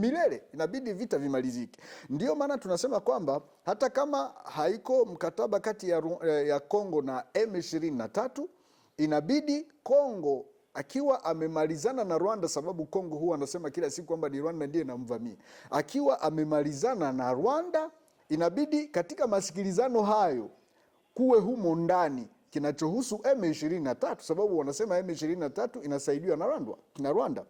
milele, inabidi vita vimalizike. Ndiyo maana tunasema kwamba hata kama haiko mkataba kati ya, eh, ya Kongo na M23 inabidi Kongo akiwa amemalizana na Rwanda, sababu Kongo huwa anasema kila siku kwamba ni Rwanda ndiye namvamia. Akiwa amemalizana na Rwanda, inabidi katika masikilizano hayo kuwe humo ndani kinachohusu M23, sababu wanasema M23 inasaidiwa na Rwanda na Rwanda.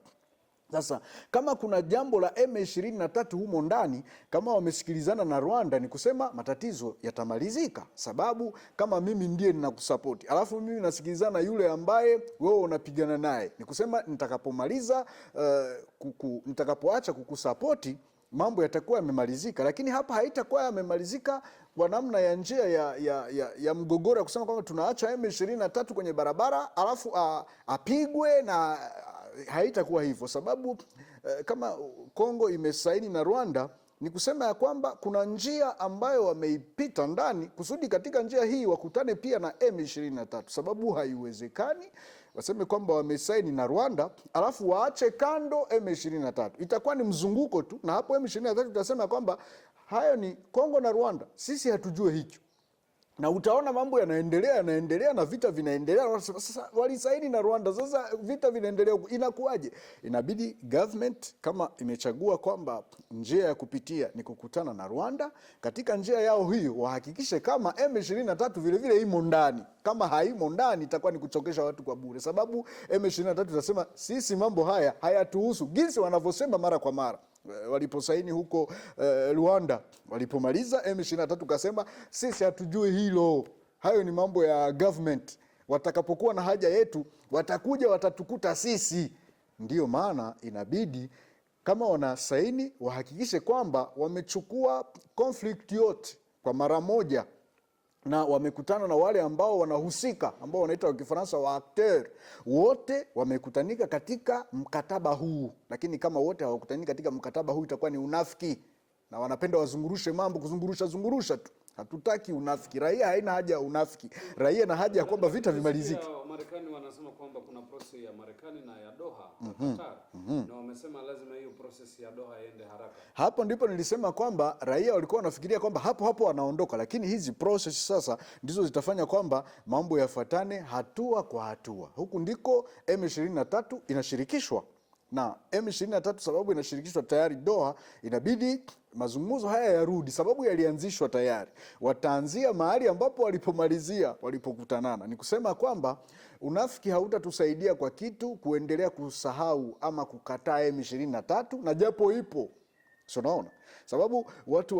Sasa kama kuna jambo la M23 humo ndani, kama wamesikilizana na Rwanda, ni kusema matatizo yatamalizika, sababu kama mimi ndiye ninakusapoti, alafu mimi nasikilizana yule ambaye wewe unapigana naye, ni kusema nitakapomaliza, uh, kuku, nitakapoacha kukusapoti mambo yatakuwa yamemalizika, lakini hapa haitakuwa yamemalizika kwa namna ya njia ya, ya, ya, ya mgogoro ya kusema kwamba tunaacha M23 kwenye barabara alafu a, ah, apigwe na haitakuwa hivyo sababu eh, kama Kongo imesaini na Rwanda ni kusema ya kwamba kuna njia ambayo wameipita ndani kusudi katika njia hii wakutane pia na M23, sababu haiwezekani waseme kwamba wamesaini na Rwanda alafu waache kando M23. Itakuwa ni mzunguko tu, na hapo M23 tutasema kwamba hayo ni Kongo na Rwanda, sisi hatujue hicho na utaona mambo yanaendelea yanaendelea na vita vinaendelea. Sasa walisaini na Rwanda, sasa vita vinaendelea, inakuwaje? Inabidi government kama imechagua kwamba njia ya kupitia ni kukutana na Rwanda, katika njia yao hiyo wahakikishe kama M23 vilevile imo ndani. Kama haimo ndani, itakuwa ni kuchokesha watu kwa bure, sababu M23 itasema sisi mambo haya hayatuhusu, jinsi wanavyosema mara kwa mara. Eh, waliposaini huko eh, Rwanda, walipomaliza M23 kasema sisi hatujui hilo, hayo ni mambo ya government, watakapokuwa na haja yetu watakuja watatukuta sisi. Ndiyo maana inabidi kama wanasaini wahakikishe kwamba wamechukua conflict yote kwa mara moja na wamekutana na wale ambao wanahusika ambao wanaita wa Kifaransa wa acteur. Wote wamekutanika katika mkataba huu, lakini kama wote hawakutanika katika mkataba huu itakuwa ni unafiki, na wanapenda wazungurushe mambo, kuzungurusha zungurusha tu. Hatutaki unafiki. Raia haina haja ya unafiki, raia na haja ya kwamba vita vimalizike vikosi ya Marekani na ya Doha mm -hmm. Qatar mm -hmm. na wamesema lazima hiyo process ya Doha iende haraka. Hapo ndipo nilisema kwamba raia walikuwa wanafikiria kwamba hapo hapo wanaondoka, lakini hizi process sasa ndizo zitafanya kwamba mambo yafuatane hatua kwa hatua. Huku ndiko M23 inashirikishwa na M23 sababu inashirikishwa tayari Doha, inabidi mazungumzo haya yarudi, sababu yalianzishwa tayari. Wataanzia mahali ambapo walipomalizia walipokutanana. Ni kusema kwamba unafiki hautatusaidia kwa kitu kuendelea kusahau ama kukataa M23 na japo ipo So naona sababu watu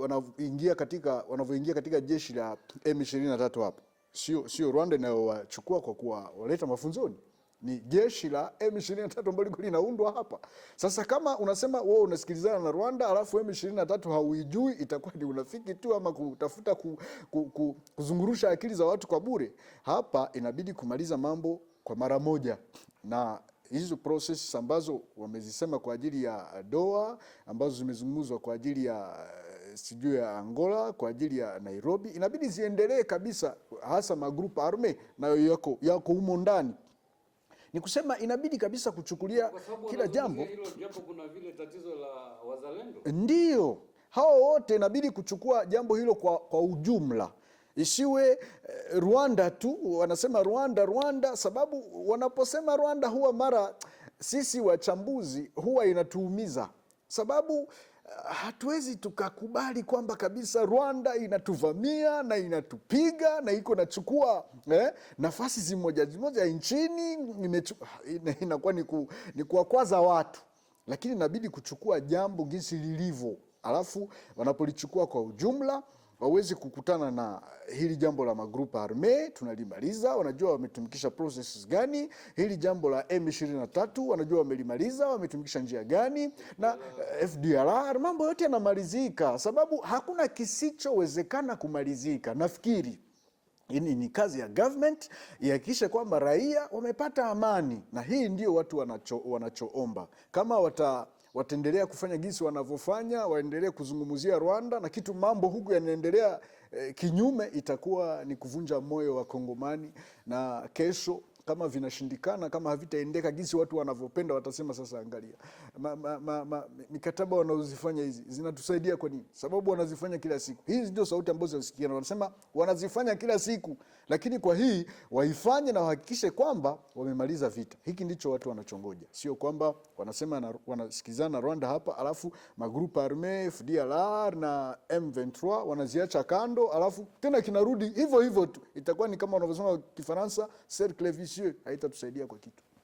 wanavyoingia katika, wanavyoingia katika jeshi la M23 hapo sio, sio Rwanda inayowachukua kwa waleta mafunzoni ni jeshi la M23 ambalo liko linaundwa hapa. Sasa kama unasema wewe unasikilizana na Rwanda alafu M23 hauijui, itakuwa ni unafiki tu ama kutafuta ku, ku, ku, kuzungurusha akili za watu kwa bure. Hapa inabidi kumaliza mambo kwa mara moja na hizo process ambazo wamezisema kwa ajili ya Doha ambazo zimezungumzwa kwa ajili ya eh, sijui ya Angola kwa ajili ya Nairobi inabidi ziendelee kabisa, hasa magrupu arme nayo yako yako humo ndani ni kusema inabidi kabisa kuchukulia kila jambo, jambo kuna vile tatizo la wazalendo ndio hao wote, inabidi kuchukua jambo hilo kwa, kwa ujumla Isiwe eh, Rwanda tu wanasema Rwanda Rwanda, sababu wanaposema Rwanda huwa mara sisi wachambuzi huwa inatuumiza sababu hatuwezi tukakubali kwamba kabisa Rwanda inatuvamia na inatupiga na iko nachukua eh, nafasi zimoja zimoja nchini, ah, inakuwa ni ni kuwakwaza watu, lakini inabidi kuchukua jambo jinsi lilivyo, alafu wanapolichukua kwa ujumla wawezi kukutana na hili jambo la magrupa arme, tunalimaliza. Wanajua wametumikisha processes gani. Hili jambo la M23 wanajua wamelimaliza, wametumikisha njia gani, na eh, FDLR. Mambo yote yanamalizika, sababu hakuna kisichowezekana kumalizika. Nafikiri ini ni kazi ya government ihakikishe kwamba raia wamepata amani, na hii ndio watu wanacho, wanachoomba kama wata wataendelea kufanya jinsi wanavyofanya, waendelee kuzungumzia Rwanda na kitu mambo huku yanaendelea eh, kinyume, itakuwa ni kuvunja moyo wa Kongomani na kesho kama vinashindikana, kama havitaendeka jinsi watu wanavyopenda, watasema sasa, angalia ma, ma, ma, ma, mikataba wanazozifanya hizi zinatusaidia kwa nini? Sababu wanazifanya kila siku. Hizi ndio sauti ambazo zinasikia, na wanasema wanazifanya kila siku, lakini kwa hii waifanye na wahakikishe kwamba wamemaliza vita. Hiki ndicho watu wanachongoja, sio kwamba wanasema na, wanasikizana Rwanda hapa, alafu magrupu arme FDLR na M23 wanaziacha kando, alafu tena kinarudi hivyo hivyo tu. Itakuwa ni kama wanavyosema Kifaransa cercle siyo haitatusaidia kwa kitu.